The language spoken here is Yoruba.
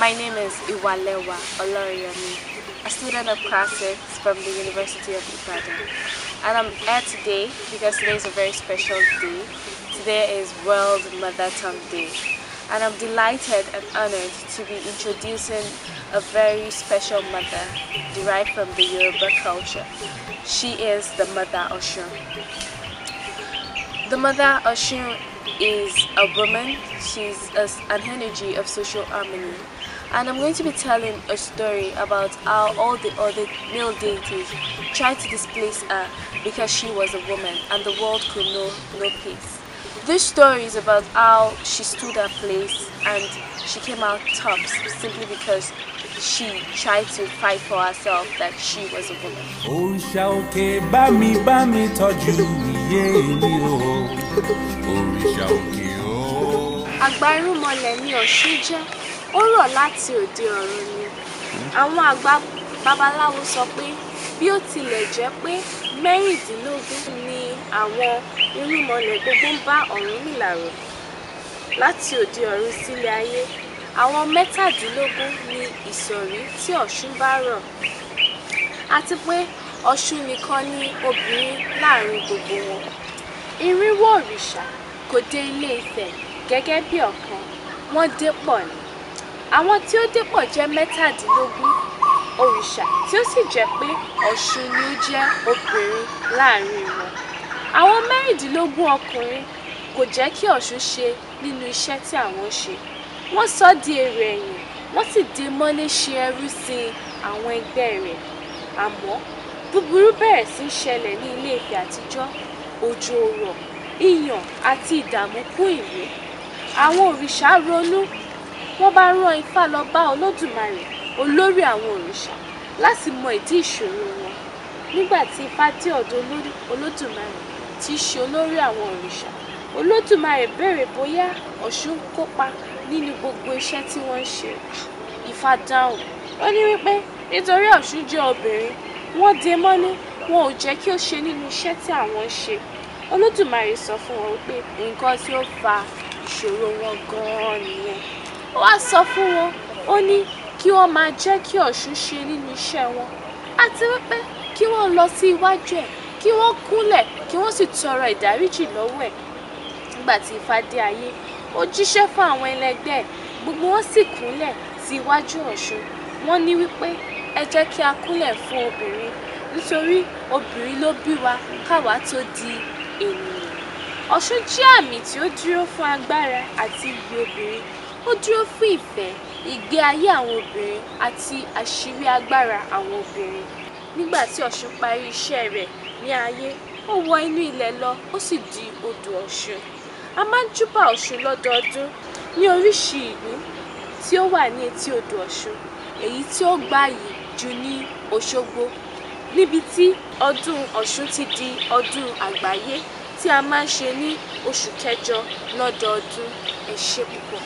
My name is Iwalewa Oloriyomi, a student of classics from the University of Ibadan. And I'm here today because today is a very special day. Today is World Mother Tongue Day. And I'm delighted and honored to be introducing a very special mother derived from the Yoruba culture. She is the Mother Oshun. The Mother Oshun is a woman. She's a, an energy of social harmony. And I'm going to be telling a story about how all the other male deities tried to displace her because she was a woman and the world could know no peace. This story is about how she stood her place and she came out tops simply because she tried to fight for herself that she was a woman. Oh, ayé mi o òrìṣà òkè o. àgbà irúnmọlẹ̀ ni ọ̀ṣun jẹ́ ó rọ̀ láti òde ọ̀run ni àwọn àgbà babaláwo sọ pé bí ó tilẹ̀ jẹ́ pé mẹ́rìndínlógún ni àwọn irúnmọlẹ̀ gbogbo ń bá Ọ̀rúnmìlà rò láti òde ọ̀run sílé ayé àwọn mẹ́tàdínlógún ni ìsọ̀rí tí ọ̀ṣun bá rọ̀ àti pé ọ̀ṣun nìkan ni obìnrin láàrin gbogbo wọn irínwó òrìṣà kò dé ilé ifẹ̀ gẹ́gẹ́ bí ọ̀kan wọ́n dé pọ̀ ni àwọn tí ó dé pọ̀ jẹ́ mẹ́tàdínlógún òrìṣà tí ó sì jẹ́ pé ọ̀ṣun ni ó jẹ́ obìnrin láàrin wọn àwọn mẹ́rìndínlógún ọkùnrin kò jẹ́ kí ọ̀ṣun ṣe nínú iṣẹ́ tí àwọn ṣe wọ́n sọ di èrè ẹ̀yìn wọ́n sì dé mọ́lé ṣe ẹrú sí àwọn ẹgbẹ́ rẹ̀ àmọ́ búburú bẹ̀rẹ̀ sí í ṣẹlẹ̀ ní ilé Ifẹ̀ àtijọ́ òjò rọ̀ ìyàn àti ìdààmú kún ìlú àwọn òrìṣà ronú wọ́n bá rán ifá lọ bá olódùmarè olórí àwọn òrìṣà láti mọ ìdí ìṣòro wọn nígbà tí ifá dé ọ̀dọ̀ olódùmarè tí í ṣe olórí àwọn òrìṣà olódùmarè béèrè bóyá ọ̀ṣun ń kópa nínú gbogbo iṣẹ́ tí wọ́n ń ṣe ifá dáhùn ó ní wípé nítorí ọ̀ṣun jẹ́ obìnrin wọ́n de mọ́lé wọn ò jẹ́ kí ó ṣe nínú iṣẹ́ tí àwọn ń ṣe olódùmarè sọ fún wọn pé nǹkan tí ó fa ìṣòro wọn gan-an nìyẹn ó wá sọ fún wọn ó ní kí wọ́n máa jẹ́ kí ọ̀ṣun ṣe nínú iṣẹ́ wọn àti wípé kí wọ́n lọ sí iwájú ẹ̀ kí wọ́n kúnlẹ̀ kí wọ́n sì tọrọ ìdáríjì lọ́wọ́ ẹ̀ nígbà tí ifá dé ayé ó jíṣẹ́ fún àwọn ẹlẹgbẹ́ ẹ̀ gbogbo wọn sì kúnlẹ̀ sí iwájú ọ̀ṣun wọ́n ní wípé ẹ jẹ́ kí a kúnlẹ̀ fún obìnrin nítorí obìnrin ló bí wa káwa tó di ènìyàn ọ̀ṣun jẹ́ àmì tí ó dúró fún agbára àti iyì obìnrin ó dúró fún ìfẹ́ ìgbé ayé àwọn obìnrin àti àṣírí agbára àwọn obìnrin nígbà tí ọ̀ṣun parí iṣẹ́ rẹ̀ ní ayé ó wọ inú ilẹ̀ lọ ó sì di odò ọ̀ṣun a máa ń júbà ọ̀ṣun lọ́dọọdún ní oríṣi ìlú tí ó wà ní etí odò ọ̀ṣun èyí tí ó gbáyìí jù ní Òṣogbo níbi tí ọdún Ọ̀ṣun ti di ọdún àgbáyé tí a máa ń ṣe ní oṣù kẹjọ lọ́dọọdún. Ẹ ṣé púpọ̀!